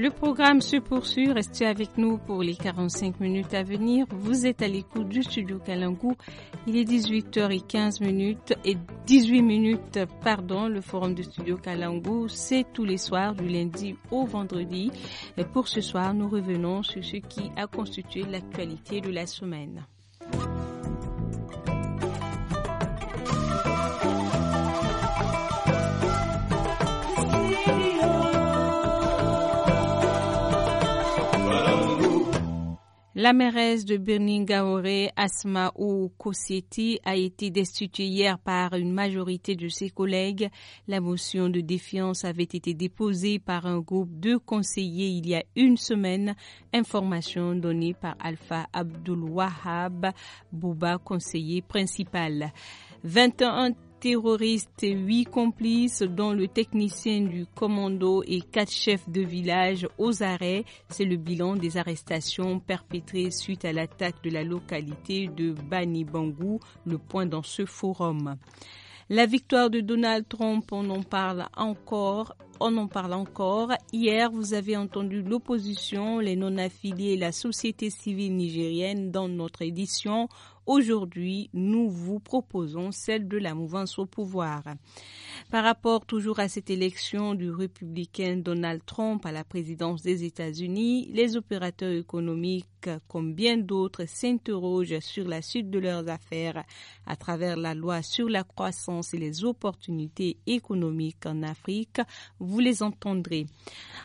Le programme se poursuit. Restez avec nous pour les 45 minutes à venir. Vous êtes à l'écoute du studio Kalangu. Il est 18h15 minutes et 18 minutes, pardon. Le forum du studio Kalangu. c'est tous les soirs du lundi au vendredi. Et pour ce soir, nous revenons sur ce qui a constitué l'actualité de la semaine. La mairesse de Birningaore, Asma Koseti, a été destituée hier par une majorité de ses collègues. La motion de défiance avait été déposée par un groupe de conseillers il y a une semaine. Information donnée par Alpha Abdul Wahab Bouba, conseiller principal terroristes et huit complices, dont le technicien du commando et quatre chefs de village aux arrêts. C'est le bilan des arrestations perpétrées suite à l'attaque de la localité de Bani Bangou, le point dans ce forum. La victoire de Donald Trump, on en parle encore on en parle encore. Hier, vous avez entendu l'opposition, les non-affiliés et la société civile nigérienne dans notre édition. Aujourd'hui, nous vous proposons celle de la mouvance au pouvoir. Par rapport toujours à cette élection du républicain Donald Trump à la présidence des États-Unis, les opérateurs économiques, comme bien d'autres, s'interrogent sur la suite de leurs affaires à travers la loi sur la croissance et les opportunités économiques en Afrique vous les entendrez.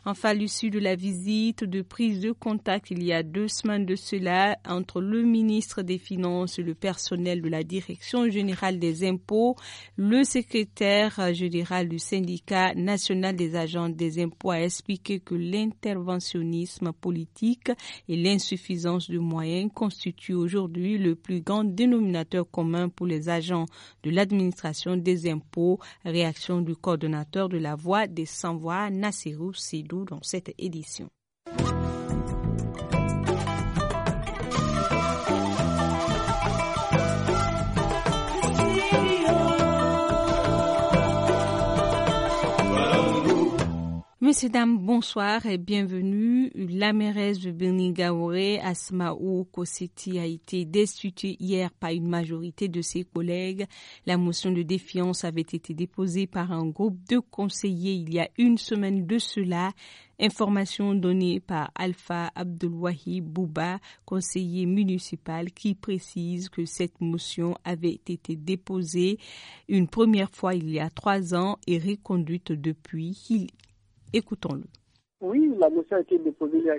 Enfin, l'issue de la visite de prise de contact il y a deux semaines de cela entre le ministre des Finances, et le personnel de la Direction générale des impôts, le secrétaire général du syndicat national des agents des impôts a expliqué que l'interventionnisme politique et l'insuffisance de moyens constituent aujourd'hui le plus grand dénominateur commun pour les agents de l'administration des impôts, réaction du coordonnateur de la Voix des s'envoie voir Sidou dans cette édition. Mesdames, bonsoir et bienvenue. La mairesse de Gaoré, Asmaou Kosseti, a été destituée hier par une majorité de ses collègues. La motion de défiance avait été déposée par un groupe de conseillers il y a une semaine de cela. Information donnée par Alpha Abdelwahi Bouba, conseiller municipal, qui précise que cette motion avait été déposée une première fois il y a trois ans et reconduite depuis. Écoutons-le. Oui, la motion a été déposée il y a,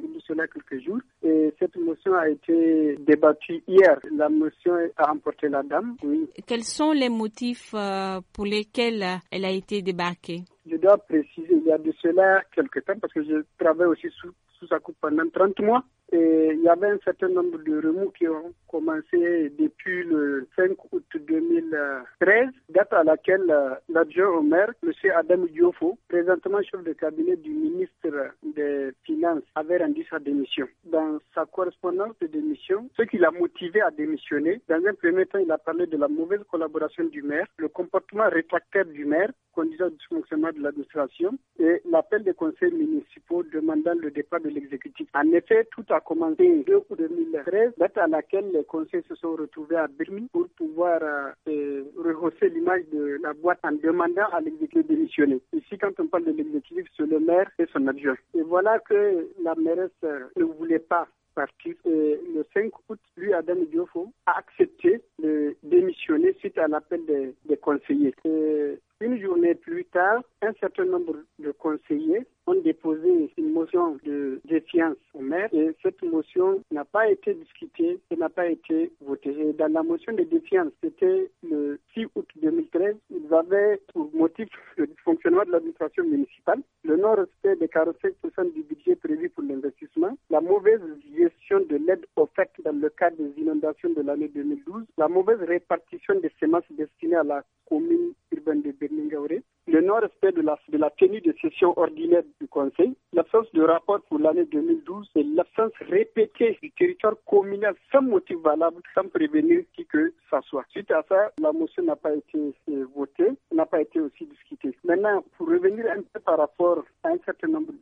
quelques jours et cette motion a été débattue hier. La motion a emporté la dame, oui. Quels sont les motifs euh, pour lesquels euh, elle a été débarquée je dois préciser, il y a de cela quelques temps, parce que je travaille aussi sous sous coupe pendant 30 mois. Et il y avait un certain nombre de remous qui ont commencé depuis le 5 août 2013, date à laquelle euh, l'adjoint au maire, M. Adam Diofo, présentement chef de cabinet du ministre des Finances, avait rendu sa démission. Dans sa correspondance de démission, ce qui l'a motivé à démissionner, dans un premier temps, il a parlé de la mauvaise collaboration du maire, le comportement rétractaire du maire, conditions du fonctionnement de l'administration et l'appel des conseils municipaux demandant le départ de l'exécutif. En effet, tout a commencé en 2013, date à laquelle les conseils se sont retrouvés à Birmingham pour pouvoir euh, euh, rehausser l'image de la boîte en demandant à l'exécutif de démissionner. Ici, quand on parle de l'exécutif, c'est le maire et son adjoint. Et voilà que la mairesse euh, ne voulait pas partir. le 5 août, lui, Adam Diopho, a accepté de démissionner suite à l'appel des, des conseillers. Et une journée plus tard, un certain nombre de conseillers ont déposé une motion de défiance au maire et cette motion n'a pas été discutée et n'a pas été votée. Et dans la motion de défiance, c'était le 6 août 2013, ils avaient pour motif le dysfonctionnement de l'administration municipale, le non-respect des 45% du budget prévu pour l'investissement, la mauvaise gestion de l'aide offerte dans le cadre des inondations de l'année 2012, la mauvaise répartition des semences destinées à la commune urbaine de Berlingauré, le non-respect de la, de la tenue des sessions ordinaires du Conseil, l'absence de rapport pour l'année 2012 et l'absence répétée du territoire communal sans motif valable, sans prévenir qui que ça soit. Suite à ça, la motion n'a pas été euh, votée, n'a pas été aussi discutée. Maintenant, pour revenir un peu par rapport à un certain nombre de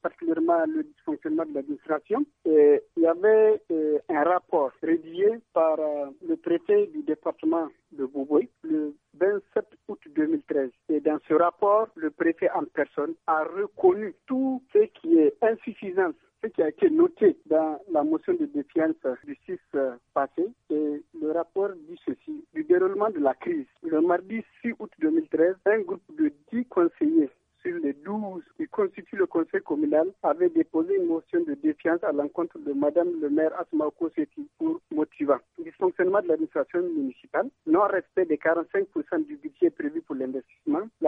particulièrement le dysfonctionnement de l'administration, euh, il y avait euh, un rapport rédigé par le préfet du département de Boboy le 27 et dans ce rapport, le préfet en personne a reconnu tout ce qui est insuffisant, ce qui a été noté dans la motion de défiance du 6 euh, passé et le rapport dit ceci, du déroulement de la crise. Le mardi 6 août 2013, un groupe de 10 conseillers sur les 12 qui constituent le conseil communal avait déposé une motion de défiance à l'encontre de Madame le maire Asma Seti pour motivant dysfonctionnement de l'administration municipale, non-respect des 45% du budget prévu pour l'investissement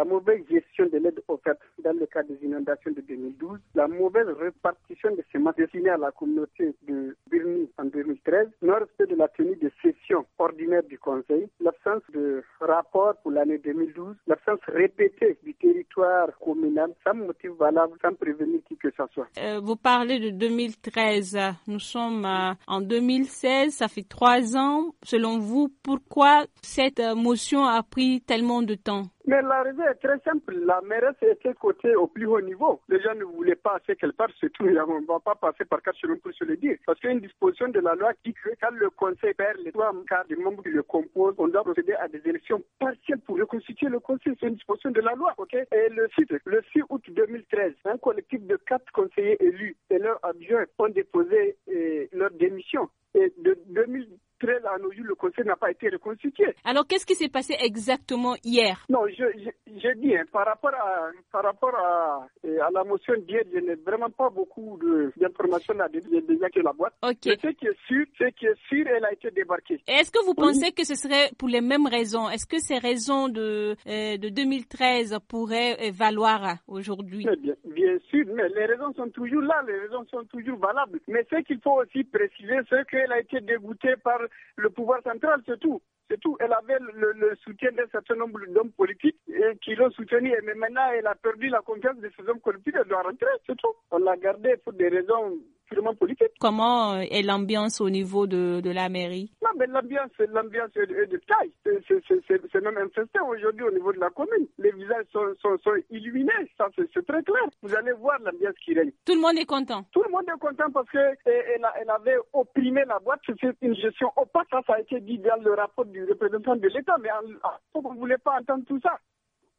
la mauvaise gestion de l'aide offerte dans le cadre des inondations de 2012, la mauvaise répartition des semences destinées à la communauté de Birni en 2013, non-respect de la tenue des sessions ordinaires du Conseil, l'absence de rapport pour l'année 2012, l'absence répétée du territoire communal sans motif valable, sans prévenir qui que ce soit. Euh, vous parlez de 2013. Nous sommes euh, en 2016, ça fait trois ans. Selon vous, pourquoi cette euh, motion a pris tellement de temps mais la raison est très simple. La mairesse était cotée au plus haut niveau. Les gens ne voulaient pas assez qu'elle parte, c'est tout. On ne va pas passer par quatre chemins pour se le dire. Parce qu'il y a une disposition de la loi qui que quand le conseil perd les trois quarts des membres qui le composent, on doit procéder à des élections partielle pour reconstituer le conseil. C'est une disposition de la loi, ok Et le 6, le août 2013, un collectif de quatre conseillers élus et leurs adjoints ont déposé euh, leur démission et de 2013 à nos jours, le Conseil n'a pas été reconstitué. Alors, qu'est-ce qui s'est passé exactement hier Non, je, je, dis, hein, par rapport à, par rapport à, à la motion d'hier, je n'ai vraiment pas beaucoup d'informations là-dedans. déjà que la boîte. ce qui est sûr, c'est elle a été débarquée. Est-ce que vous pensez que ce serait pour les mêmes raisons Est-ce que ces raisons de, euh, de 2013 pourraient euh, valoir aujourd'hui bien, bien sûr, mais les raisons sont toujours là, les raisons sont toujours valables. Mais ce qu'il faut aussi préciser, c'est que elle a été dégoûtée par le pouvoir central, c'est tout. C'est tout. Elle avait le, soutien d'un certain nombre d'hommes politiques qui l'ont soutenue. Mais maintenant, elle a perdu la confiance de ces hommes politiques. Elle doit rentrer, c'est tout. On l'a gardée pour des raisons Comment euh, est l'ambiance au niveau de, de la mairie l'ambiance, l'ambiance est, de taille. C'est même infesté aujourd'hui au niveau de la commune. Les visages sont, illuminés, ça c'est très clair. Vous allez voir l'ambiance qui règne. Tout le monde est content. Tout le monde est content parce qu'elle eh, elle avait opprimé la boîte. C'est une gestion opaque, ça, a été dit dans le rapport du représentant de l'État, mais on ne voulait pas entendre tout ça.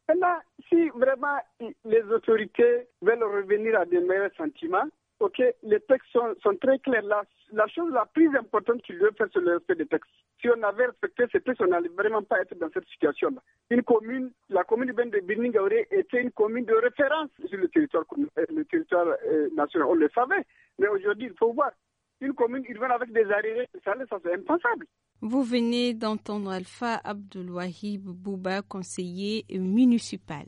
Maintenant, si vraiment les autorités veulent revenir à des meilleurs sentiments, Ok, les textes sont, très clairs. La, chose la plus importante qu'il veut faire, c'est le respect des textes. Si on avait respecté ces textes, on n'allait vraiment pas être dans cette situation-là. Une commune, la commune de Birning aurait été une commune de référence sur le territoire, euh, euh, national. On le savait, mais aujourd'hui, il faut voir. Une commune viennent avec des arriérés ça c'est impensable. Vous venez d'entendre Alpha Abdoulouahib Bouba, conseiller municipal.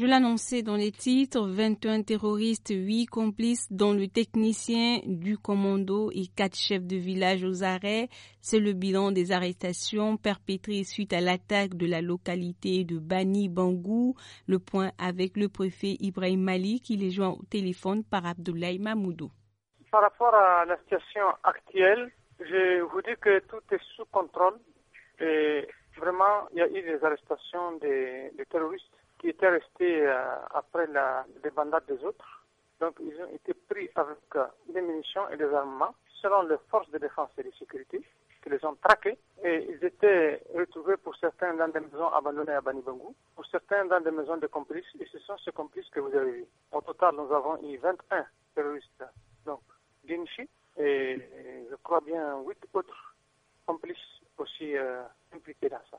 Je l'annonçais dans les titres, 21 terroristes, 8 complices, dont le technicien du commando et 4 chefs de village aux arrêts. C'est le bilan des arrestations perpétrées suite à l'attaque de la localité de Bani Bangou. Le point avec le préfet Ibrahim Mali qui les joint au téléphone par Abdoulaye Mamoudou. Par rapport à la situation actuelle, je vous dis que tout est sous contrôle et vraiment il y a eu des arrestations de des terroristes qui étaient restés euh, après la débandade des autres. Donc ils ont été pris avec euh, des munitions et des armements selon les forces de défense et de sécurité qui les ont traqués et ils étaient retrouvés pour certains dans des maisons abandonnées à Banibangou, pour certains dans des maisons de complices et ce sont ces complices que vous avez vus. Au total, nous avons eu 21 terroristes, donc Genshi et je crois bien 8 autres complices aussi euh, impliqués dans ça.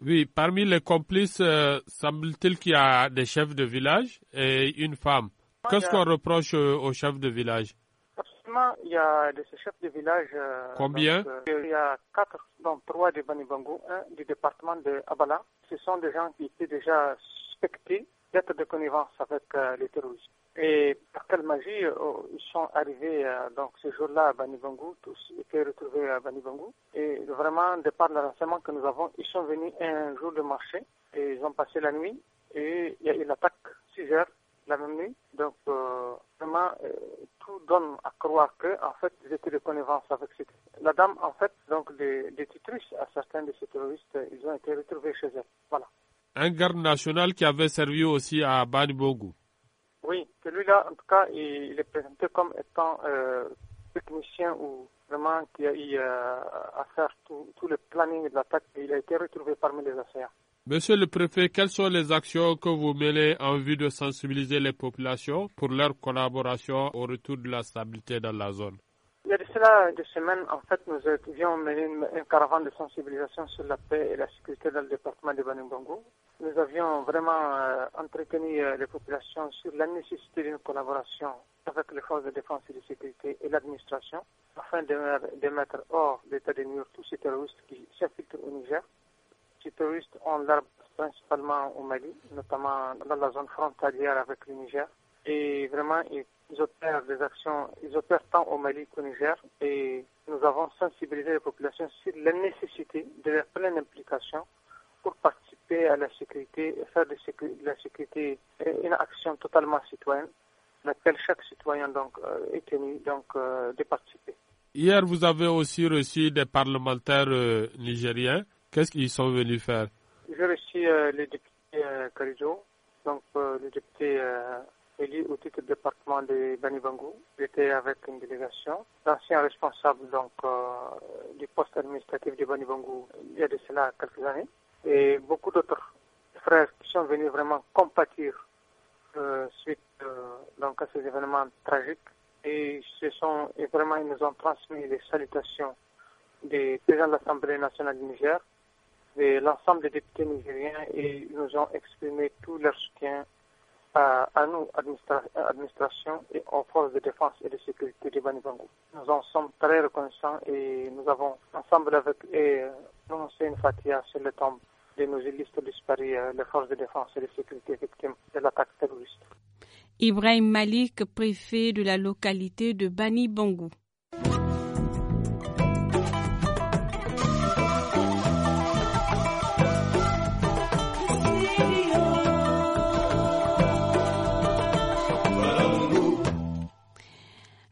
Oui, parmi les complices, euh, semble-t-il qu'il y a des chefs de village et une femme. Qu'est-ce qu'on reproche aux chefs de village Absolument, il y a de chefs de village. Combien euh, Il y a quatre, dont trois de Banibango, un du département de Abala. Ce sont des gens qui étaient déjà suspectés d'être de connivence avec euh, les terroristes. Et par quelle magie, euh, ils sont arrivés euh, donc ce jour-là à Banibangou, tous étaient retrouvés à Banibangou. Et vraiment, de par le renseignement que nous avons, ils sont venus un jour de marché et ils ont passé la nuit et il y a eu l'attaque 6 heures la même nuit. Donc, vraiment, tout donne à croire que, en fait, ils étaient de connivence avec ces La dame, en fait, donc, des, des à certains de ces terroristes, ils ont été retrouvés chez elle. Voilà un garde national qui avait servi aussi à Bani bogou Oui, celui-là, en tout cas, il, est présenté comme étant euh, technicien ou vraiment qui a eu euh, à faire tout, le planning de l'attaque. Il a été retrouvé parmi les affaires. Monsieur le préfet, quelles sont les actions que vous menez en vue de sensibiliser les populations pour leur collaboration au retour de la stabilité dans la zone il y a de cela deux semaines, en fait, nous avions mené une, caravane de sensibilisation sur la paix et la sécurité dans le département de Banumbango. Nous avions vraiment euh, entretenu euh, les populations sur la nécessité d'une collaboration avec les forces de défense et de sécurité et l'administration afin de, mettre hors l'état de nuire tous ces terroristes qui s'infiltrent au Niger. Ces terroristes ont l'arbre principalement au Mali, notamment dans la zone frontalière avec le Niger. Et vraiment, ils ils opèrent des actions, ils opèrent tant au Mali qu'au Niger et nous avons sensibilisé les populations sur la nécessité de leur pleine implication pour participer à la sécurité et faire de la sécurité une action totalement citoyenne, laquelle chaque citoyen donc euh, est tenu donc euh, de participer. Hier, vous avez aussi reçu des parlementaires euh, nigériens. Qu'est-ce qu'ils sont venus faire J'ai reçu le député Karijo, donc le député élu au titre du département de Banibangou. J'étais avec une délégation. L'ancien responsable donc euh, du poste administratif de Banibangou, il y a de cela quelques années, et beaucoup d'autres frères qui sont venus vraiment compatir euh, suite euh, donc à ces événements tragiques. Et ce sont et vraiment ils nous ont transmis les salutations des présidents de l'Assemblée nationale du Niger, de l'ensemble des députés nigériens et ils nous ont exprimé tout leur soutien à, nous, administration et aux forces de défense et de sécurité du Banibango. Nous en sommes très reconnaissants et nous avons, ensemble avec eux, prononcé une fatia sur le tombes de nos illustres disparus, euh, les forces de défense et de sécurité victimes de l'attaque terroriste. Ibrahim Malik, préfet de la localité de Bani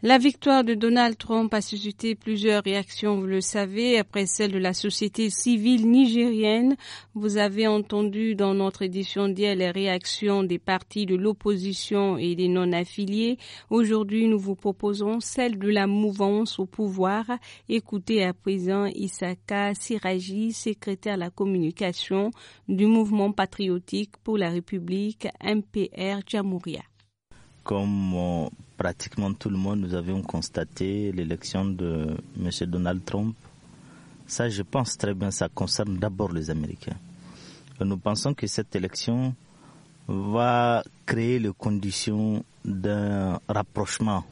La victoire de Donald Trump a suscité plusieurs réactions, vous le savez, après celle de la société civile nigérienne. Vous avez entendu dans notre édition d'hier les réactions des partis de l'opposition et des non-affiliés. Aujourd'hui, nous vous proposons celle de la mouvance au pouvoir. Écoutez à présent Isaka Siraji, secrétaire à la communication du mouvement patriotique pour la République MPR Jamouria pratiquement tout le monde, nous avions constaté l'élection de M. Donald Trump. Ça, je pense très bien, ça concerne d'abord les Américains. nous pensons que cette élection va créer les conditions d'un rapprochement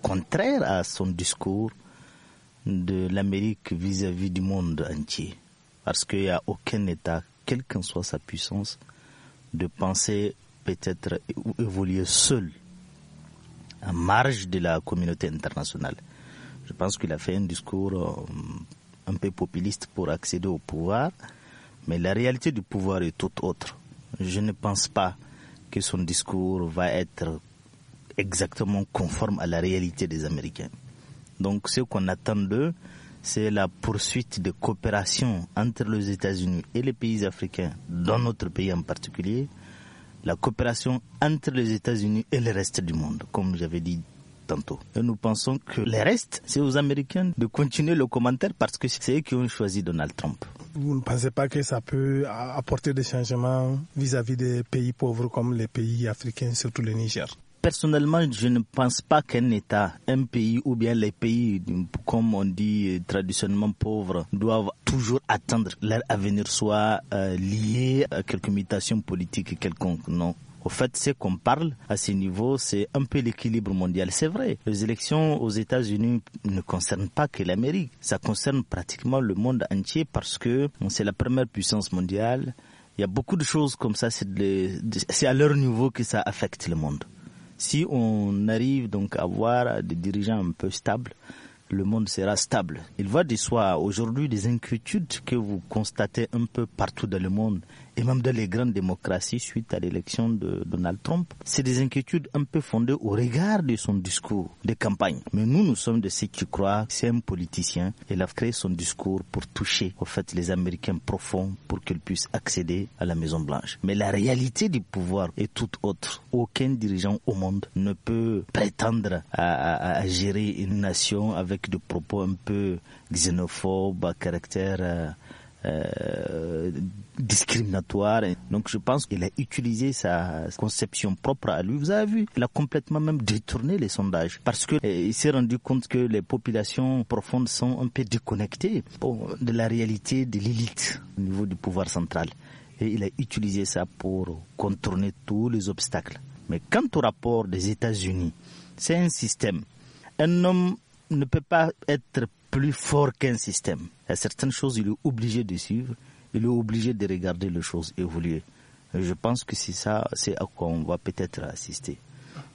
contraire à son discours de l'Amérique vis-à-vis du monde entier. Parce qu'il n'y a aucun État, quelle qu'en soit sa puissance, de penser peut-être évoluer seul ...à marge de la communauté internationale. Je pense qu'il a fait un discours euh, un peu populiste pour accéder au pouvoir, mais la réalité du pouvoir est toute autre. Je ne pense pas que son discours va être exactement conforme à la réalité des Américains. Donc ce qu'on attend d'eux, c'est la poursuite de coopération entre les États-Unis et les pays africains, dans notre pays en particulier, la coopération entre les États-Unis et le reste du monde, comme j'avais dit tantôt. Et nous pensons que le reste, c'est aux Américains de continuer le commentaire parce que c'est eux qui ont choisi Donald Trump. Vous ne pensez pas que ça peut apporter des changements vis-à-vis des pays pauvres comme les pays africains, surtout le Niger personnellement, je ne pense pas qu'un État, un pays ou bien les pays, comme on dit traditionnellement pauvres, doivent toujours attendre leur avenir soit euh, lié à quelque mutation politique quelconque. Non. Au fait, ce qu'on parle à ce niveau, c'est un peu l'équilibre mondial. C'est vrai, les élections aux États-Unis ne concernent pas que l'Amérique, ça concerne pratiquement le monde entier parce que c'est la première puissance mondiale. Il y a beaucoup de choses comme ça, c'est à leur niveau que ça affecte le monde. Si on arrive donc à avoir des dirigeants un peu stables, le monde sera stable. Il va de soi aujourd'hui des inquiétudes que vous constatez un peu partout dans le monde et même dans les grandes démocraties suite à l'élection de Donald Trump, c'est des inquiétudes un peu fondées au regard de son discours de campagne. Mais nous, nous sommes de ceux qui croient que c'est un politicien. Il a créé son discours pour toucher, en fait, les Américains profonds pour qu'ils puissent accéder à la Maison Blanche. Mais la réalité du pouvoir est toute autre. Aucun dirigeant au monde ne peut prétendre à, à gérer une nation avec des propos un peu xénophobes, à caractère euh, euh, discriminatoire. Donc je pense qu'il a utilisé sa conception propre à lui. Vous avez vu, il a complètement même détourné les sondages parce que eh, il s'est rendu compte que les populations profondes sont un peu déconnectées de la réalité de l'élite au niveau du pouvoir central. Et il a utilisé ça pour contourner tous les obstacles. Mais quant au rapport des États-Unis, c'est un système. Un homme ne peut pas être plus fort qu'un système. Il y a certaines choses, il est obligé de suivre, il est obligé de regarder les choses évoluer. je pense que c'est ça, c'est à quoi on va peut-être assister.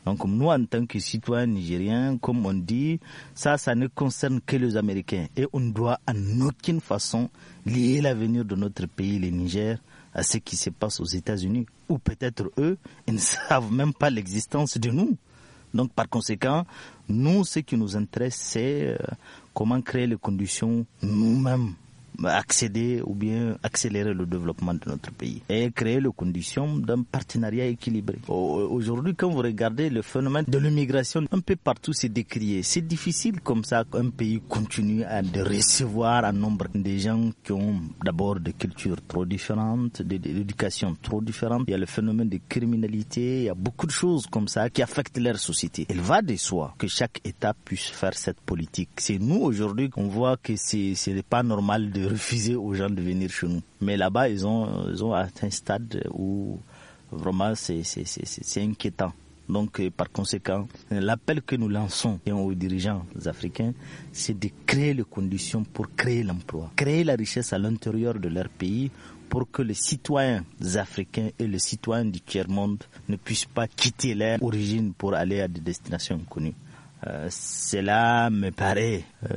Donc nous, en tant que citoyens nigériens, comme on dit, ça, ça ne concerne que les Américains. Et on doit en aucune façon lier l'avenir de notre pays, le Niger, à ce qui se passe aux États-Unis. Ou peut-être eux, ils ne savent même pas l'existence de nous. Donc par conséquent, nous, ce qui nous intéresse, c'est euh, comment créer les conditions nous-mêmes accéder ou bien accélérer le développement de notre pays et créer les conditions d'un partenariat équilibré. Aujourd'hui, quand vous regardez le phénomène de l'immigration, un peu partout c'est décrié. C'est difficile comme ça qu'un pays continue à de recevoir un nombre de gens qui ont d'abord des cultures trop différentes, des de l'éducation trop différente. Il y a le phénomène de criminalité, il y a beaucoup de choses comme ça qui affectent leur société. Il va de soi que chaque État puisse faire cette politique. C'est nous aujourd'hui qu'on voit que ce n'est pas normal de refuser aux gens de venir chez nous. Mais là-bas, ils ont, ils ont atteint un stade où vraiment c'est inquiétant. Donc, euh, par conséquent, l'appel que nous lançons aux dirigeants africains, c'est de créer les conditions pour créer l'emploi, créer la richesse à l'intérieur de leur pays pour que les citoyens africains et les citoyens du tiers-monde ne puissent pas quitter leur origine pour aller à des destinations inconnues. Euh, cela me paraît euh,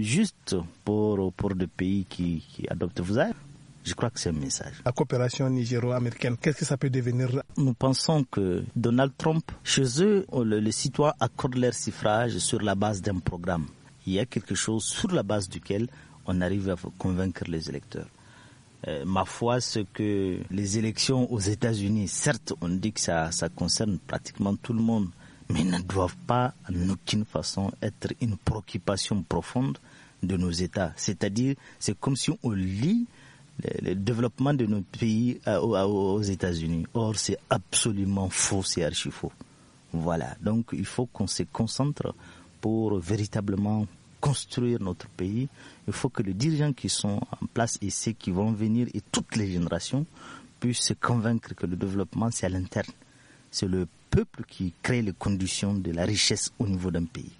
juste pour, pour des pays qui, qui adoptent vous savez, Je crois que c'est un message. La coopération nigéro-américaine, qu'est-ce que ça peut devenir Nous pensons que Donald Trump, chez eux, oh, les citoyens accordent leur suffrage sur la base d'un programme. Il y a quelque chose sur la base duquel on arrive à convaincre les électeurs. Euh, ma foi, ce que les élections aux États-Unis, certes, on dit que ça, ça concerne pratiquement tout le monde, mais ne doivent pas en aucune façon être une préoccupation profonde de nos États. C'est-à-dire, c'est comme si on lit le, développement de notre pays aux États-Unis. Or, c'est absolument faux, c'est archi faux. Voilà. Donc, il faut qu'on se concentre pour véritablement construire notre pays. Il faut que les dirigeants qui sont en place et ceux qui vont venir et toutes les générations puissent se convaincre que le développement, c'est à l'interne. C'est le peuple qui crée les conditions de la richesse au niveau d'un pays.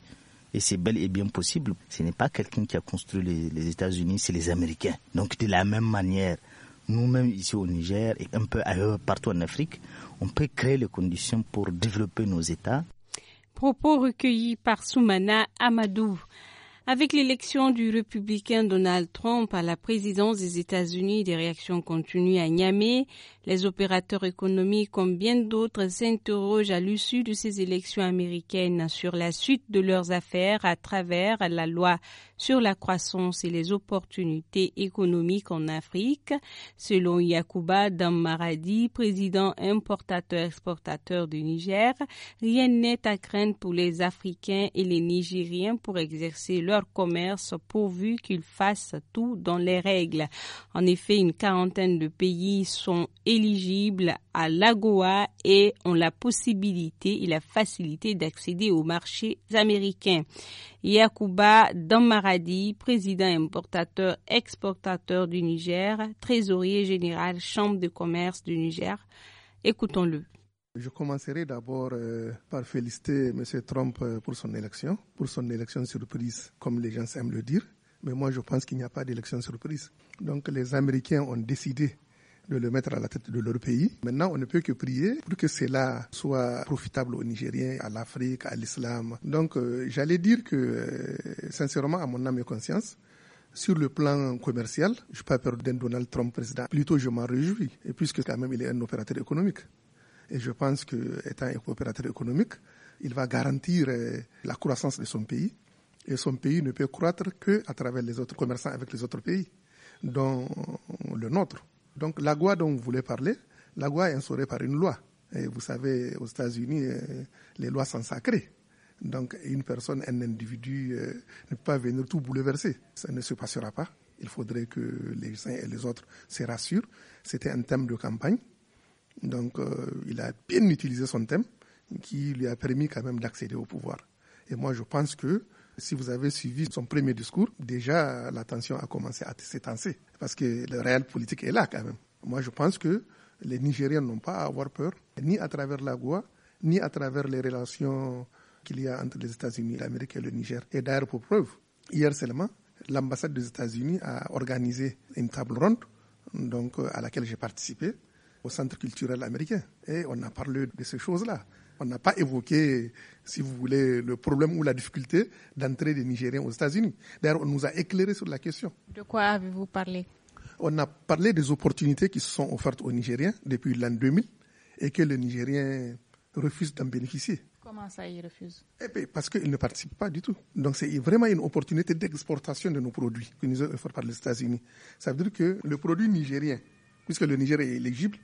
Et c'est bel et bien possible. Ce n'est pas quelqu'un qui a construit les, les États-Unis, c'est les Américains. Donc de la même manière, nous-mêmes ici au Niger et un peu ailleurs partout en Afrique, on peut créer les conditions pour développer nos États. Propos recueillis par Soumana Amadou. Avec l'élection du républicain Donald Trump à la présidence des États-Unis, des réactions continuent à Niamey. Les opérateurs économiques, comme bien d'autres, s'interrogent à l'issue de ces élections américaines sur la suite de leurs affaires à travers la loi sur la croissance et les opportunités économiques en Afrique, selon Yacouba Dammaradi, président importateur-exportateur du Niger. Rien n'est à craindre pour les Africains et les Nigériens pour exercer leur commerce pourvu qu'ils fassent tout dans les règles. En effet, une quarantaine de pays sont éligibles à l'AGOA et ont la possibilité et la facilité d'accéder aux marchés américains. Yacouba Dammaradi Radi, président importateur exportateur du Niger, trésorier général Chambre de commerce du Niger. Écoutons-le. Je commencerai d'abord euh, par féliciter M. Trump euh, pour son élection, pour son élection surprise, comme les gens aiment le dire. Mais moi, je pense qu'il n'y a pas d'élection surprise. Donc, les Américains ont décidé de le mettre à la tête de leur pays. Maintenant, on ne peut que prier pour que cela soit profitable aux Nigériens, à l'Afrique, à l'islam. Donc, euh, j'allais dire que, euh, sincèrement, à mon âme et conscience, sur le plan commercial, je suis pas peur d'un Donald Trump président. Plutôt, je m'en réjouis, et puisque quand même, il est un opérateur économique. Et je pense que, étant un opérateur économique, il va garantir euh, la croissance de son pays. Et son pays ne peut croître que à travers les autres commerçants avec les autres pays, dont le nôtre. Donc la loi dont vous voulez parler, la loi est instaurée par une loi. Et vous savez, aux États-Unis, euh, les lois sont sacrées. Donc une personne, un individu euh, ne peut pas venir tout bouleverser. Ça ne se passera pas. Il faudrait que les uns et les autres se rassurent. C'était un thème de campagne. Donc euh, il a bien utilisé son thème qui lui a permis quand même d'accéder au pouvoir. Et moi je pense que si vous avez suivi son premier discours, déjà la tension a commencé à s'étancer parce que le réel politique est là quand même. Moi, je pense que les Nigériens n'ont pas à avoir peur, ni à travers la loi, ni à travers les relations qu'il y a entre les États-Unis, l'Amérique et le Niger. Et d'ailleurs, pour preuve, hier seulement, l'ambassade des États-Unis a organisé une table ronde donc, à laquelle j'ai participé au Centre culturel américain. Et on a parlé de ces choses-là. On n'a pas évoqué, si vous voulez, le problème ou la difficulté d'entrer des Nigériens aux États-Unis. D'ailleurs, on nous a éclairé sur la question. De quoi avez-vous parlé On a parlé des opportunités qui se sont offertes aux Nigériens depuis l'an 2000 et que les Nigériens refusent d'en bénéficier. Comment ça, ils refusent eh Parce qu'ils ne participent pas du tout. Donc, c'est vraiment une opportunité d'exportation de nos produits que nous offrent par les États-Unis. Ça veut dire que le produit nigérien, puisque le Niger est éligible,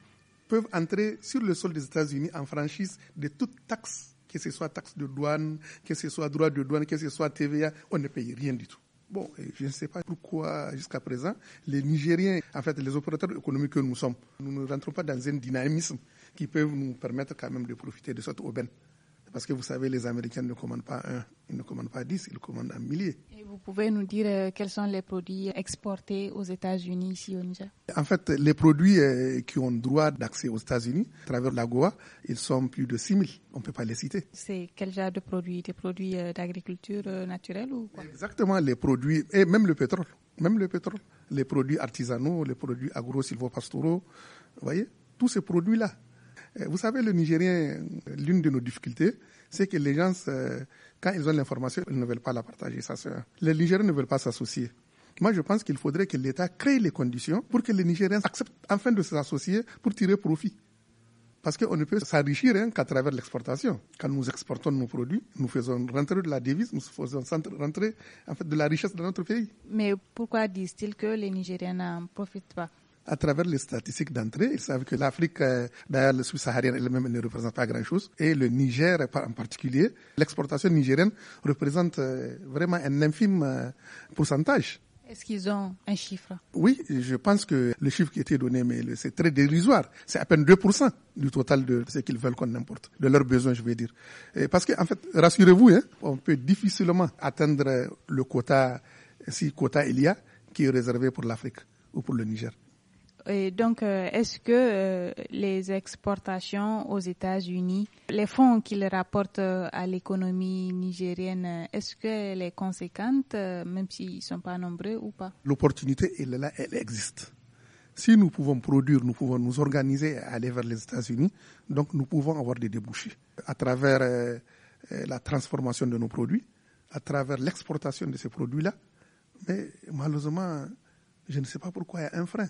peuvent entrer sur le sol des États-Unis en franchise de toute taxe, que ce soit taxe de douane, que ce soit droit de douane, que ce soit TVA, on ne paye rien du tout. Bon, je ne sais pas pourquoi jusqu'à présent, les Nigériens, en fait les opérateurs économiques que nous sommes, nous ne rentrons pas dans un dynamisme qui peut nous permettre quand même de profiter de cette aubaine. Parce que vous savez, les Américains ne commandent pas un, ils ne commandent pas dix, ils commandent un millier. Et vous pouvez nous dire euh, quels sont les produits exportés aux États-Unis ici au Niger En fait, les produits euh, qui ont droit d'accès aux États-Unis, à travers la Goa, ils sont plus de 6 000. On ne peut pas les citer. C'est quel genre de produits Des produits euh, d'agriculture naturelle ou quoi Exactement, les produits, et même le pétrole. Même le pétrole. Les produits artisanaux, les produits agro pastoraux Vous voyez, tous ces produits-là euh, vous savez, le Nigérien, euh, l'une de nos difficultés, c'est que les gens, euh, quand ils ont l'information, ils ne veulent pas la partager. les Nigériens ne veulent pas s'associer. Moi, je pense qu'il faudrait que l'État crée les conditions pour que les Nigériens acceptent enfin de s'associer pour tirer profit. Parce qu'on ne peut s'enrichir hein, qu'à travers l'exportation. Quand nous exportons nos produits, nous faisons rentrer de la devise, nous faisons rentrer en fait, de la richesse dans notre pays. Mais pourquoi disent-ils que les Nigériens n'en profitent pas à travers les statistiques d'entrée, ils savent que l'Afrique, d'ailleurs, ben, le sous-saharienne elle-même ne représente pas grand-chose. Et le Niger euh, en particulier, l'exportation nigérienne représente euh, vraiment un infime euh, pourcentage. Est-ce qu'ils ont un chiffre Oui, je pense que le chiffre qui été donné, mais c'est très dérisoire. C'est à peine 2% du total de ce qu'ils veulent qu'on importe, de leurs besoins, je veux dire. parce que, en fait, rassurez-vous, hein, on peut difficilement atteindre le quota, si quota il y a, qui est réservé pour l'Afrique ou pour le Niger donc, euh, est-ce que euh, les exportations aux États-Unis, les fonds qu'ils rapportent euh, à l'économie nigérienne, est-ce qu'elle est conséquente, même s'ils ne sont pas nombreux ou pas L'opportunité, elle est là, elle existe. Si nous pouvons produire, nous pouvons nous organiser et aller vers les États-Unis, donc nous pouvons avoir des débouchés à travers la transformation de nos produits, à travers l'exportation de ces produits-là. Mais malheureusement, je ne sais pas pourquoi il y a un frein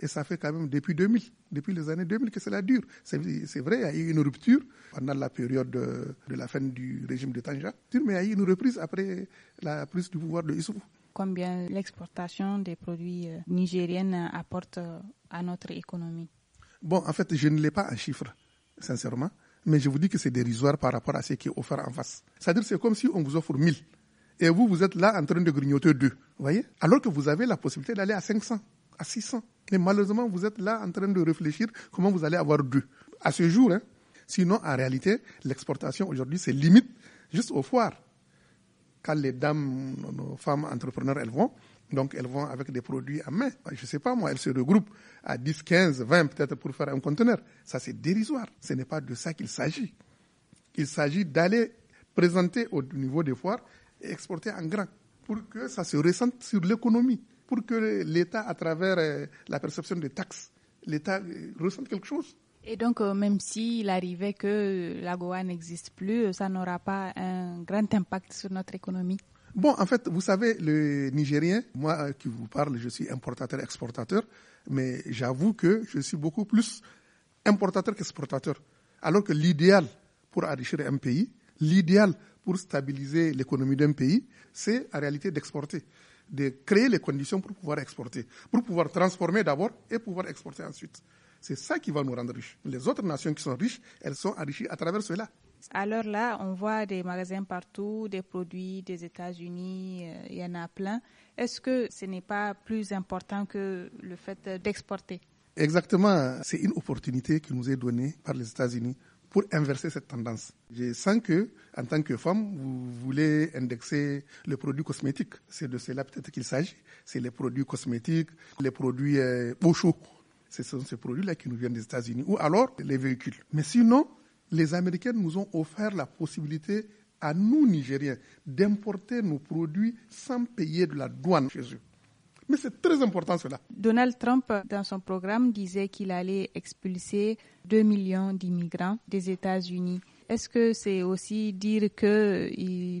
et ça fait quand même depuis 2000, depuis les années 2000 que cela dure. C'est vrai, il y a eu une rupture pendant la période de, la fin du régime de Tanja, mais il y a eu une reprise après la prise du pouvoir de Issou. Combien l'exportation des produits euh, nigériens euh, apporte euh, à notre économie Bon, en fait, je ne l'ai pas en chiffres, sincèrement, mais je vous dis que c'est dérisoire par rapport à ce qui est offert en face. C'est-à-dire c'est comme si on vous offre 1000 et vous, vous êtes là en train de grignoter 2, voyez Alors que vous avez la possibilité d'aller à 500 à 600. Mais malheureusement, vous êtes là en train de réfléchir comment vous allez avoir deux. À ce jour, hein. sinon, en réalité, l'exportation aujourd'hui, c'est limite juste aux foires. Quand les dames, nos femmes entrepreneurs, elles vont, donc elles vont avec des produits à main. Bah, je ne sais pas, moi, elles se regroupent à 10, 15, 20 peut-être pour faire un conteneur. Ça, c'est dérisoire. Ce n'est pas de ça qu'il s'agit. Il s'agit d'aller présenter au niveau des foires et exporter en grand pour que ça se ressente sur l'économie pour que l'État, à travers euh, la perception des taxes, l'État euh, ressente quelque chose. Et donc, euh, même s'il arrivait que la Goa n'existe plus, ça n'aura pas un grand impact sur notre économie Bon, en fait, vous savez, le Nigérien, moi qui vous parle, je suis importateur-exportateur, mais j'avoue que je suis beaucoup plus importateur qu'exportateur. Alors que l'idéal pour enrichir un pays, l'idéal pour stabiliser l'économie d'un pays, c'est en réalité d'exporter de créer les conditions pour pouvoir exporter, pour pouvoir transformer d'abord et pouvoir exporter ensuite. C'est ça qui va nous rendre riches. Les autres nations qui sont riches, elles sont enrichies à travers cela. Alors là, on voit des magasins partout, des produits des États-Unis, euh, il y en a plein. Est-ce que ce n'est pas plus important que le fait d'exporter Exactement, c'est une opportunité qui nous est donnée par les États-Unis pour inverser cette tendance. Je sens que, en tant que femme, vous voulez indexer les produits cosmétiques. C'est de cela peut-être qu'il s'agit. C'est les produits cosmétiques, les produits beaux au Ce sont ces produits-là qui nous viennent des États-Unis ou alors les véhicules. Mais sinon, les Américains nous ont offert la possibilité à nous, Nigériens, d'importer nos produits sans payer de la douane chez eux. Mais c'est très important cela. Donald Trump, dans son programme, disait qu'il allait expulser 2 millions d'immigrants des États-Unis. Est-ce que c'est aussi dire qu'ils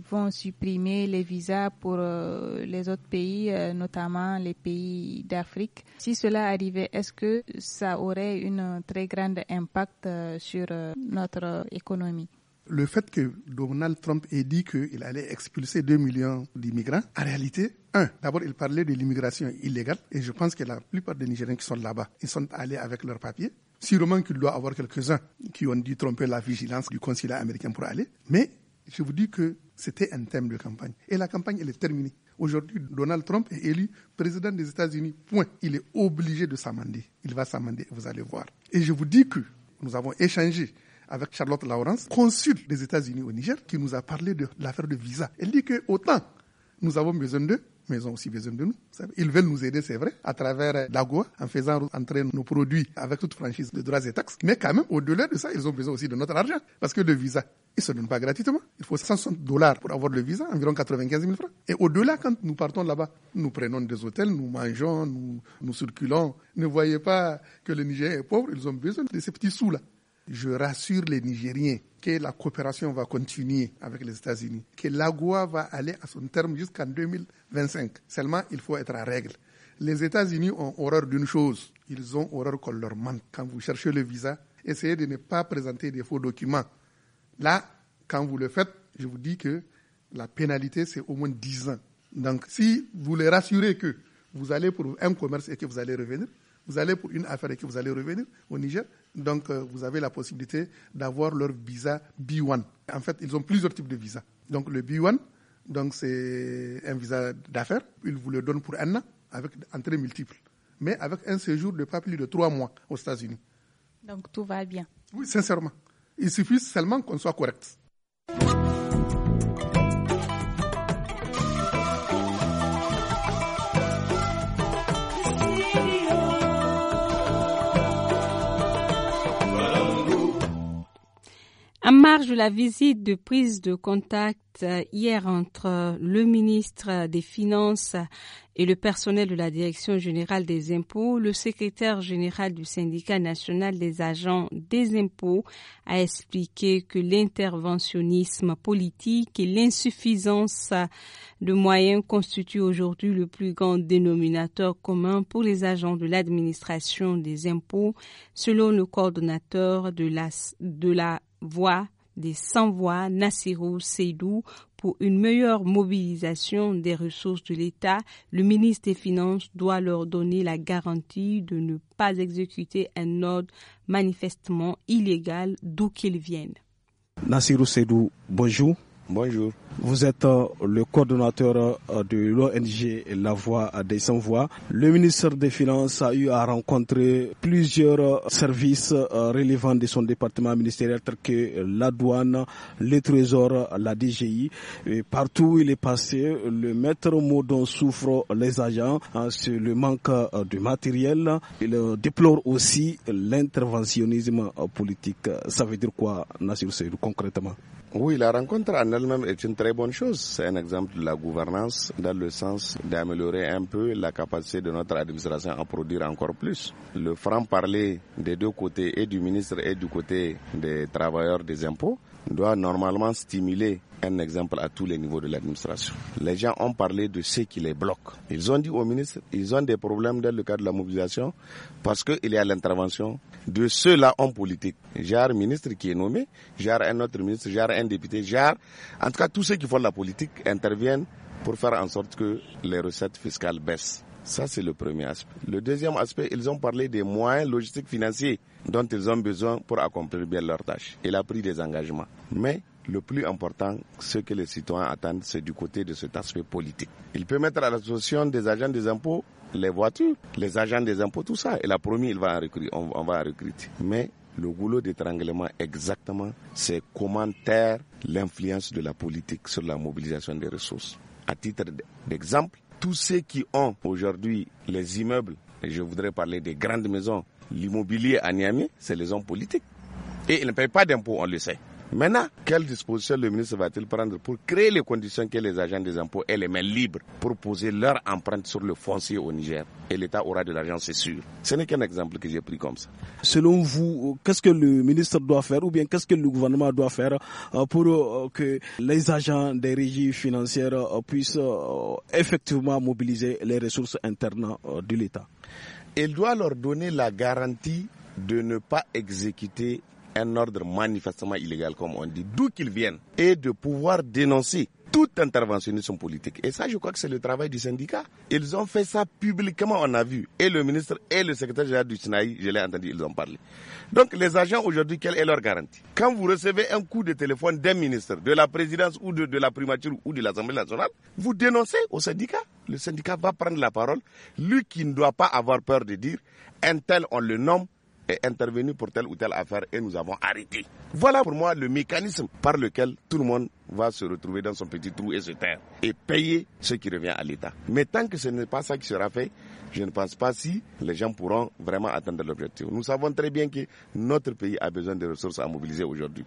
euh, vont supprimer les visas pour euh, les autres pays, euh, notamment les pays d'Afrique Si cela arrivait, est-ce que ça aurait un très grand impact sur notre économie le fait que Donald Trump ait dit qu'il allait expulser 2 millions d'immigrants, en réalité, un, d'abord, il parlait de l'immigration illégale, et je pense que la plupart des Nigériens qui sont là-bas, ils sont allés avec leurs papiers. Sûrement qu'il doit y avoir quelques-uns qui ont dû tromper la vigilance du consulat américain pour aller, mais je vous dis que c'était un thème de campagne. Et la campagne, elle est terminée. Aujourd'hui, Donald Trump est élu président des États-Unis. Point. Il est obligé de s'amender. Il va s'amender, vous allez voir. Et je vous dis que nous avons échangé avec Charlotte Lawrence, consul des États-Unis au Niger, qui nous a parlé de l'affaire de visa. Elle dit que autant nous avons besoin d'eux, mais ils ont aussi besoin de nous. Ils veulent nous aider, c'est vrai, à travers l'AGOA, euh, en faisant entrer nos produits avec toute franchise de droits et taxes. Mais quand même, au-delà de ça, ils ont besoin aussi de notre argent. Parce que le visa, il ne se donne pas gratuitement. Il faut 160 dollars pour avoir le visa, environ 95 000 francs. Et au-delà, quand nous partons là-bas, nous prenons des hôtels, nous mangeons, nous, nous circulons. Ne voyez pas que le Niger est pauvre, ils ont besoin de ces petits sous-là. Je rassure les Nigériens que la coopération va continuer avec les États-Unis, que l'AGOA va aller à son terme jusqu'en 2025. Seulement, il faut être à règle. Les États-Unis ont horreur d'une chose, ils ont horreur qu'on leur manque. Quand vous cherchez le visa, essayez de ne pas présenter des faux documents. Là, quand vous le faites, je vous dis que la pénalité, c'est au moins 10 ans. Donc, si vous les rassurez que vous allez pour un commerce et que vous allez revenir, vous allez pour une affaire et que vous allez revenir au Niger, donc euh, vous avez la possibilité d'avoir leur visa B1. En fait, ils ont plusieurs types de visas. Donc le B1, donc c'est un visa d'affaires. Ils vous le donnent pour un an avec entrée multiple, mais avec un séjour de pas plus de trois mois aux États-Unis. Donc tout va bien. Oui, sincèrement. Il suffit seulement qu'on soit correct. En marge de la visite de prise de contact euh, hier entre euh, le ministre euh, des Finances et le personnel de la Direction générale des impôts, le secrétaire général du syndicat national des agents des impôts a expliqué que l'interventionnisme politique et l'insuffisance de moyens constituent aujourd'hui le plus grand dénominateur commun pour les agents de l'administration des impôts, selon le coordonnateur de la, de la voix des 100 voix Nassirou Seydou pour une meilleure mobilisation des ressources de l'État, le ministre des Finances doit leur donner la garantie de ne pas exécuter un ordre manifestement illégal d'où qu'il vienne. Nassirou Seydou, bonjour. Bonjour. Vous êtes euh, le coordonnateur euh, de l'ONG La Voix des Sans-Voix. Le ministre des Finances a eu à rencontrer plusieurs euh, services relevant de son département ministériel, tels que la douane, les trésors, la DGI. Et partout où il est passé, le maître mot dont souffrent les agents, c'est hein, le manque de matériel. Il déplore aussi l'interventionnisme politique. Ça veut dire quoi, Nassir Seydou, concrètement oui, la rencontre en elle-même est une très bonne chose. C'est un exemple de la gouvernance dans le sens d'améliorer un peu la capacité de notre administration à produire encore plus. Le franc-parler des deux côtés, et du ministre et du côté des travailleurs des impôts, doit normalement stimuler un exemple à tous les niveaux de l'administration. Les gens ont parlé de ce qui les bloque. Ils ont dit au ministre, ils ont des problèmes dans le cadre de la mobilisation parce qu'il y a l'intervention de ceux-là en politique. J'ai ministre qui est nommé, j'ai un autre ministre, j'ai un député, j'ai en tout cas tous ceux qui font la politique interviennent pour faire en sorte que les recettes fiscales baissent. Ça, c'est le premier aspect. Le deuxième aspect, ils ont parlé des moyens logistiques financiers dont ils ont besoin pour accomplir bien leurs tâches. Il a pris des engagements. Mais le plus important, ce que les citoyens attendent, c'est du côté de cet aspect politique. Il peut mettre à l'association des agents des impôts les voitures, les agents des impôts, tout ça. Et la promis, il va en recruter, on, va en recruter. Mais le goulot d'étranglement exactement, c'est comment taire l'influence de la politique sur la mobilisation des ressources. À titre d'exemple, tous ceux qui ont aujourd'hui les immeubles, et je voudrais parler des grandes maisons, l'immobilier à Niamey, c'est les hommes politiques. Et ils ne payent pas d'impôts, on le sait. Maintenant, quelles dispositions le ministre va-t-il prendre pour créer les conditions que les agents des impôts aient les mains libres pour poser leur empreinte sur le foncier au Niger Et l'État aura de l'argent, c'est sûr. Ce n'est qu'un exemple que j'ai pris comme ça. Selon vous, euh, qu'est-ce que le ministre doit faire ou bien qu'est-ce que le gouvernement doit faire euh, pour euh, que les agents des régies financières puissent effectivement mobiliser les ressources internes de l'État Il doit leur donner la garantie de ne pas exécuter un ordre manifestement illégal, comme on dit, d'où qu'il vienne, et de pouvoir dénoncer toute interventionnisme politique. Et ça, je crois que c'est le travail du syndicat. Ils ont fait ça publiquement, on a vu. Et le ministre et le secrétaire général du Sinaï, je l'ai entendu, ils ont parlé. Donc les agents aujourd'hui, quelle est leur garantie Quand vous recevez un coup de téléphone d'un ministre, de la présidence ou de, de la primature ou de l'Assemblée nationale, vous dénoncez au syndicat. Le syndicat va prendre la parole. Lui qui ne doit pas avoir peur de dire, un tel, on le nomme, est intervenu pour telle ou telle affaire et nous avons arrêté. Voilà pour moi le mécanisme par lequel tout le monde va se retrouver dans son petit trou et se taire et payer ce qui revient à l'État. Mais tant que ce n'est pas ça qui sera fait, je ne pense pas si les gens pourront vraiment atteindre l'objectif. Nous savons très bien que notre pays a besoin de ressources à mobiliser aujourd'hui.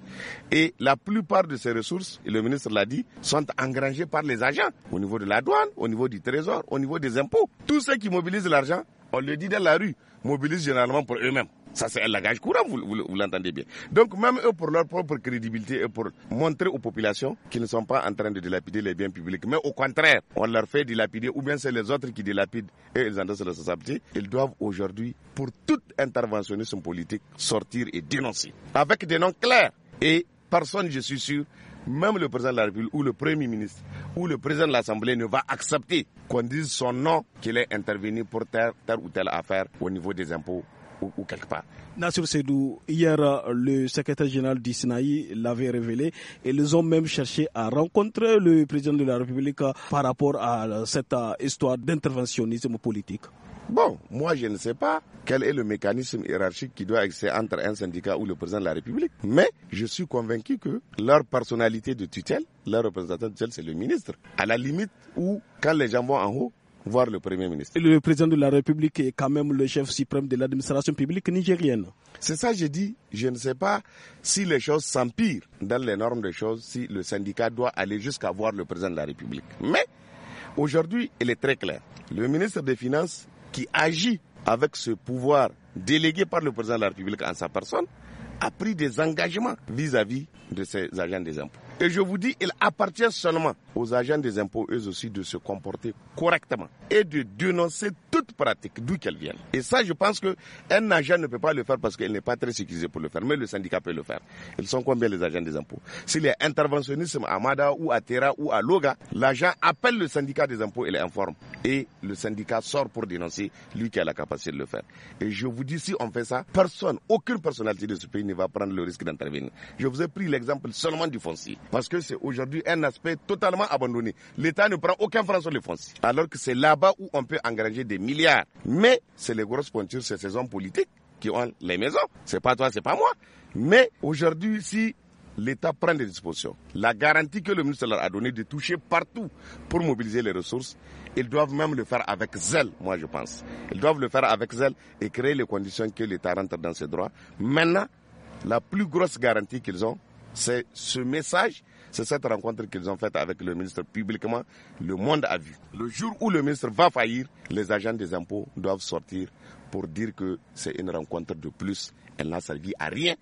Et la plupart de ces ressources, et le ministre l'a dit, sont engrangées par les agents au niveau de la douane, au niveau du trésor, au niveau des impôts. Tous ceux qui mobilisent l'argent, on le dit dans la rue, mobilisent généralement pour eux-mêmes. Ça, c'est un langage courant, vous, l'entendez bien. Donc, même eux, pour leur propre crédibilité et pour montrer aux populations qu'ils ne sont pas en train de dilapider les biens publics, mais au contraire, on leur fait dilapider, ou bien c'est les autres qui dilapident et ils endossent la responsabilité. Ils doivent aujourd'hui, pour tout interventionnisme politique, sortir et dénoncer. Avec des noms clairs. Et personne, je suis sûr, même le président de la République ou le Premier ministre ou le président de l'Assemblée ne va accepter qu'on dise son nom qu'il est intervenu pour telle ou telle affaire au niveau des impôts ou, quelque part. Nassir hier, le secrétaire général du Sinaï l'avait révélé et ils ont même cherché à rencontrer le président de la République euh, par rapport à euh, cette euh, histoire d'interventionnisme politique. Bon, moi je ne sais pas quel est le mécanisme hiérarchique qui doit exister entre un syndicat ou le président de la République, mais je suis convaincu que leur personnalité de tutelle, leur représentant de tutelle, c'est le ministre. À la limite où, quand les gens vont en haut, voir le Premier ministre. le président de la République est quand même le chef suprême de l'administration publique nigérienne. C'est ça, j'ai dit, je ne sais pas si les choses s'empirent dans les normes des choses, si le syndicat doit aller jusqu'à voir le président de la République. Mais aujourd'hui, il est très clair. Le ministre des Finances qui agit avec ce pouvoir délégué par le président de la République en sa personne, a pris des engagements vis-à-vis -vis de ses agents des impôts. Et je vous dis, il appartient seulement aux agents des impôts, eux aussi, de se comporter correctement et de dénoncer toute pratique, d'où qu'elle vienne. Et ça, je pense qu'un agent ne peut pas le faire parce qu'il n'est pas très sécurisé pour le faire, mais le syndicat peut le faire. Ils sont combien les agents des impôts S'il y a interventionnisme à Mada ou à Terra ou à Loga, l'agent appelle le syndicat des impôts et informe. Et le syndicat sort pour dénoncer lui qui a la capacité de le faire. Et je vous dis, si on fait ça, personne, aucune personnalité de ce pays ne va prendre le risque d'intervenir. Je vous ai pris l'exemple seulement du foncier. Parce que c'est aujourd'hui un aspect totalement abandonné. L'État ne prend aucun franc sur les fonds. Alors que c'est là-bas où on peut engager des milliards. Mais c'est les grosses pointures, c'est ces hommes politiques qui ont les maisons. C'est pas toi, c'est pas moi. Mais aujourd'hui, si l'État prend des dispositions, la garantie que le ministre leur a donnée de toucher partout pour mobiliser les ressources, ils doivent même le faire avec zèle, moi je pense. Ils doivent le faire avec zèle et créer les conditions que l'État rentre dans ses droits. Maintenant, la plus grosse garantie qu'ils ont, c'est ce message, c'est cette rencontre qu'ils ont faite avec le ministre publiquement. Le monde a vu. Le jour où le ministre va faillir, les agents des impôts doivent sortir pour dire que c'est une rencontre de plus. Elle n'a servi à rien.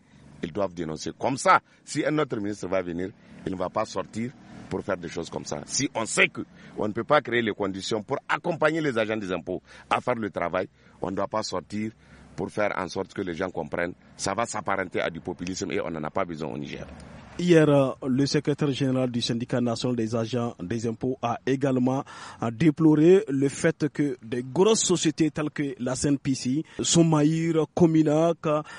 Ils doivent dénoncer. Comme ça, si un autre ministre va venir, il ne va pas sortir pour faire des choses comme ça. Si on sait que on ne peut pas créer les conditions pour accompagner les agents des impôts à faire le travail, on ne doit pas sortir pour faire en sorte que les gens comprennent. Ça va s'apparenter à du populisme et on n'en a pas besoin au Niger. Hier, euh, le secrétaire général du syndicat national des agents des impôts a également euh, déploré le fait que des grosses sociétés telles que la CNPC, Somaïr, Cominac,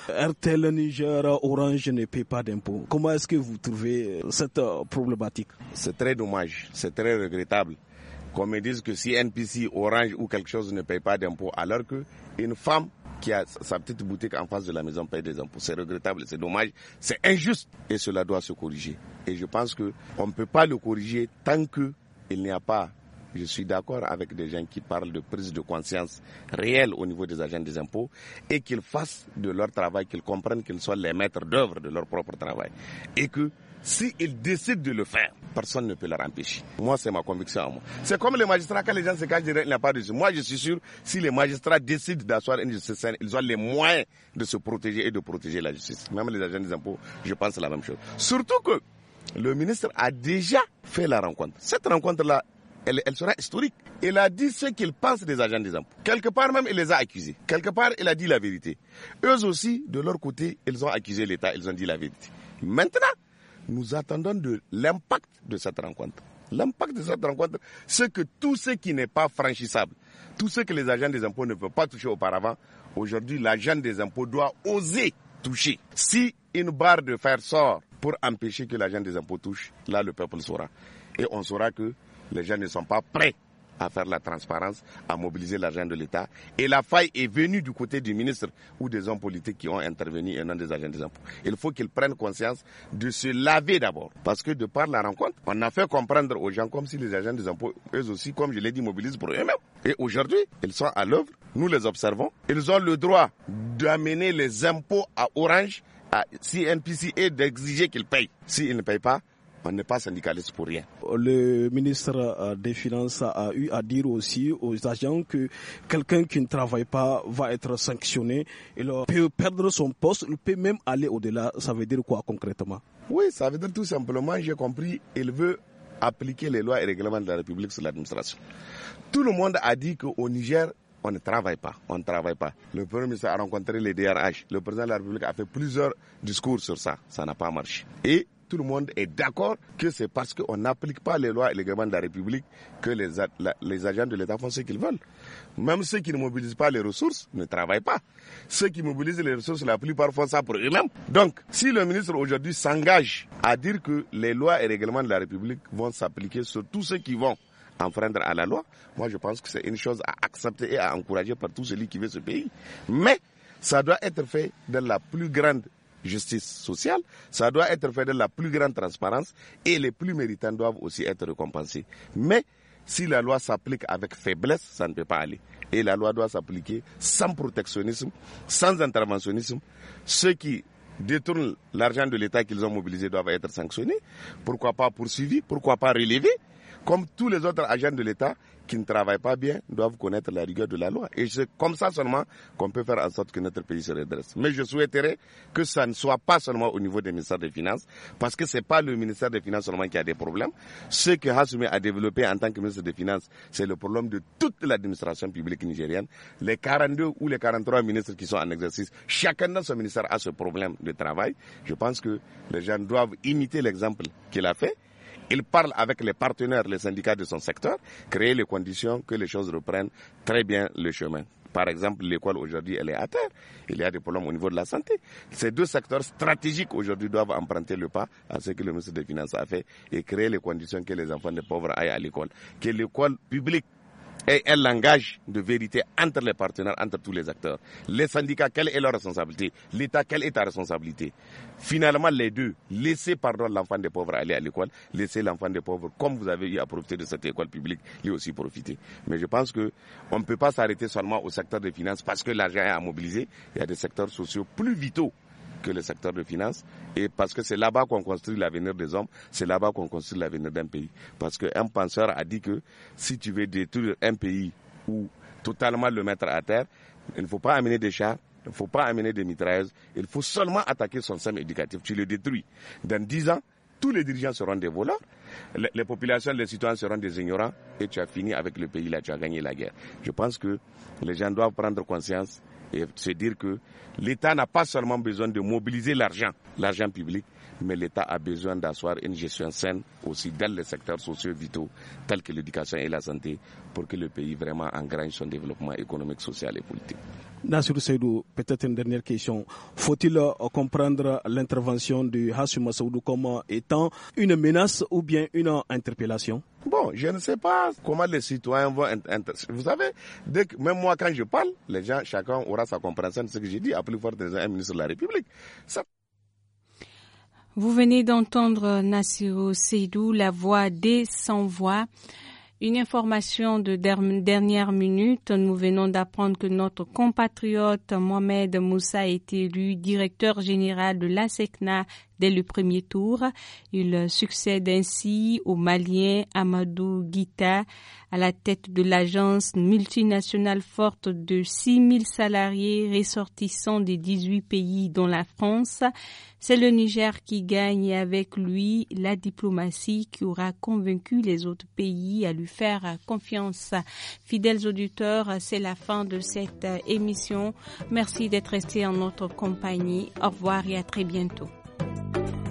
RTL Niger, Orange ne payent pas d'impôts. Comment est-ce que vous trouvez euh, cette problématique C'est très dommage, c'est très regrettable qu'on me dise que si NPC, Orange ou quelque chose ne paye pas d'impôts alors qu'une femme qui a sa petite boutique en face de la maison paye des impôts. C'est regrettable, c'est dommage, c'est injuste et cela doit se corriger. Et je pense qu'on ne peut pas le corriger tant qu'il n'y a pas je suis d'accord avec des gens qui parlent de prise de conscience réelle au niveau des agents des impôts et qu'ils fassent de leur travail, qu'ils comprennent qu'ils soient les maîtres d'œuvre de leur propre travail et que si il décide de le faire, personne ne peut leur empêcher. Moi, c'est ma conviction à moi. C'est comme les magistrats, quand les gens se cachent il n'y a pas de justice. Moi, je suis sûr, si les magistrats décident d'asseoir une justice saine, ils ont les moyens de se protéger et de protéger la justice. Même les agents des impôts, je pense la même chose. Surtout que le ministre a déjà fait la rencontre. Cette rencontre-là, elle, elle, sera historique. Il a dit ce qu'il pense des agents des impôts. Quelque part même, il les a accusés. Quelque part, il a dit la vérité. Eux aussi, de leur côté, ils ont accusé l'État, ils ont dit la vérité. Maintenant, nous attendons de l'impact de cette rencontre. L'impact de cette rencontre, c'est que tout ce qui n'est pas franchissable, tout ce que les agents des impôts ne peuvent pas toucher auparavant, aujourd'hui l'agent des impôts doit oser toucher. Si une barre de fer sort pour empêcher que l'agent des impôts touche, là le peuple saura. Et on saura que les gens ne sont pas prêts à faire la transparence, à mobiliser l'argent de l'État. Et la faille est venue du côté du ministre ou des hommes politiques qui ont intervenu et non des agents des impôts. Il faut qu'ils prennent conscience de se laver d'abord. Parce que de par la rencontre, on a fait comprendre aux gens comme si les agents des impôts, eux aussi, comme je l'ai dit, mobilisent pour eux-mêmes. Et aujourd'hui, ils sont à l'œuvre, nous les observons. Ils ont le droit d'amener les impôts à Orange, à CNPC et d'exiger qu'ils payent. S'ils ne payent pas, on n'est pas syndicaliste pour rien. Le ministre euh, des Finances a eu à dire aussi aux agents que quelqu'un qui ne travaille pas va être sanctionné. Il peut perdre son poste, il peut même aller au-delà. Ça veut dire quoi concrètement Oui, ça veut dire tout simplement, j'ai compris, il veut appliquer les lois et règlements de la République sur l'administration. Tout le monde a dit qu'au Niger, on ne travaille pas, on ne travaille pas. Le Premier ministre a rencontré les DRH. Le président de la République a fait plusieurs discours sur ça. Ça n'a pas marché. Et tout le monde est d'accord que c'est parce qu'on n'applique pas les lois et les règlements de la République que les, les agents de l'État font ce qu'ils veulent. Même ceux qui ne mobilisent pas les ressources ne travaillent pas. Ceux qui mobilisent les ressources, la plupart font ça pour eux-mêmes. Donc, si le ministre aujourd'hui s'engage à dire que les lois et règlements de la République vont s'appliquer sur tous ceux qui vont enfreindre à la loi, moi je pense que c'est une chose à accepter et à encourager par tous ceux qui veut ce pays. Mais ça doit être fait dans la plus grande justice sociale, ça doit être fait de la plus grande transparence et les plus méritants doivent aussi être récompensés. Mais si la loi s'applique avec faiblesse, ça ne peut pas aller. Et la loi doit s'appliquer sans protectionnisme, sans interventionnisme. Ceux qui détournent l'argent de l'État qu'ils ont mobilisé doivent être sanctionnés. Pourquoi pas poursuivis Pourquoi pas relevés comme tous les autres agents de l'État qui ne travaillent pas bien, doivent connaître la rigueur de la loi. Et c'est comme ça seulement qu'on peut faire en sorte que notre pays se redresse. Mais je souhaiterais que ça ne soit pas seulement au niveau des ministères des Finances, parce que ce n'est pas le ministère des Finances seulement qui a des problèmes. Ce que Hassoumi a développé en tant que ministre des Finances, c'est le problème de toute l'administration publique nigérienne. Les 42 ou les 43 ministres qui sont en exercice, chacun dans son ministère a ce problème de travail. Je pense que les gens doivent imiter l'exemple qu'il a fait il parle avec les partenaires, les syndicats de son secteur, créer les conditions que les choses reprennent très bien le chemin. Par exemple, l'école aujourd'hui, elle est à terre. Il y a des problèmes au niveau de la santé. Ces deux secteurs stratégiques aujourd'hui doivent emprunter le pas à ce que le ministre des Finances a fait et créer les conditions que les enfants des pauvres aillent à l'école. Que l'école publique et un langage de vérité entre les partenaires, entre tous les acteurs. Les syndicats, quelle est leur responsabilité L'État, quelle est ta responsabilité Finalement, les deux, laissez pardon l'enfant des pauvres aller à l'école, laissez l'enfant des pauvres, comme vous avez eu à profiter de cette école publique, lui aussi profiter. Mais je pense qu'on ne peut pas s'arrêter seulement au secteur des finances parce que l'argent est à mobiliser. Il y a des secteurs sociaux plus vitaux que le secteur de finance. Et parce que c'est là-bas qu'on construit l'avenir des hommes, c'est là-bas qu'on construit l'avenir d'un pays. Parce qu'un penseur a dit que si tu veux détruire un pays ou totalement le mettre à terre, il ne faut pas amener des chars, il ne faut pas amener des mitrailleuses, il faut seulement attaquer son système éducatif. Tu le détruis. Dans dix ans, tous les dirigeants seront des voleurs, les, populations, les citoyens seront des ignorants, et tu as fini avec le pays là, tu as gagné la guerre. Je pense que les gens doivent prendre conscience et c'est dire que l'État n'a pas seulement besoin de mobiliser l'argent, l'argent public, mais l'État a besoin d'asseoir une gestion saine aussi dans les secteurs sociaux vitaux tels que l'éducation et la santé pour que le pays vraiment engrange son développement économique, social et politique. Nassir Seydou, peut-être une dernière question. Faut-il euh, comprendre l'intervention du Hassou Massoudou comme étant une menace ou bien une interpellation Bon, je ne sais pas comment les citoyens vont... Vous savez, dès même moi, quand je parle, les gens, chacun aura sa compréhension de ce que j'ai dit, à plus forte des ministres de la République. Vous venez d'entendre Nassiro Seydou, la voix des sans voix. Une information de dernière minute, nous venons d'apprendre que notre compatriote Mohamed Moussa a été élu directeur général de la SECNA dès le premier tour. Il succède ainsi au Malien Amadou Guita à la tête de l'agence multinationale forte de 6000 salariés ressortissants des 18 pays dont la France. C'est le Niger qui gagne avec lui la diplomatie qui aura convaincu les autres pays à lui faire confiance. Fidèles auditeurs, c'est la fin de cette émission. Merci d'être restés en notre compagnie. Au revoir et à très bientôt. うん。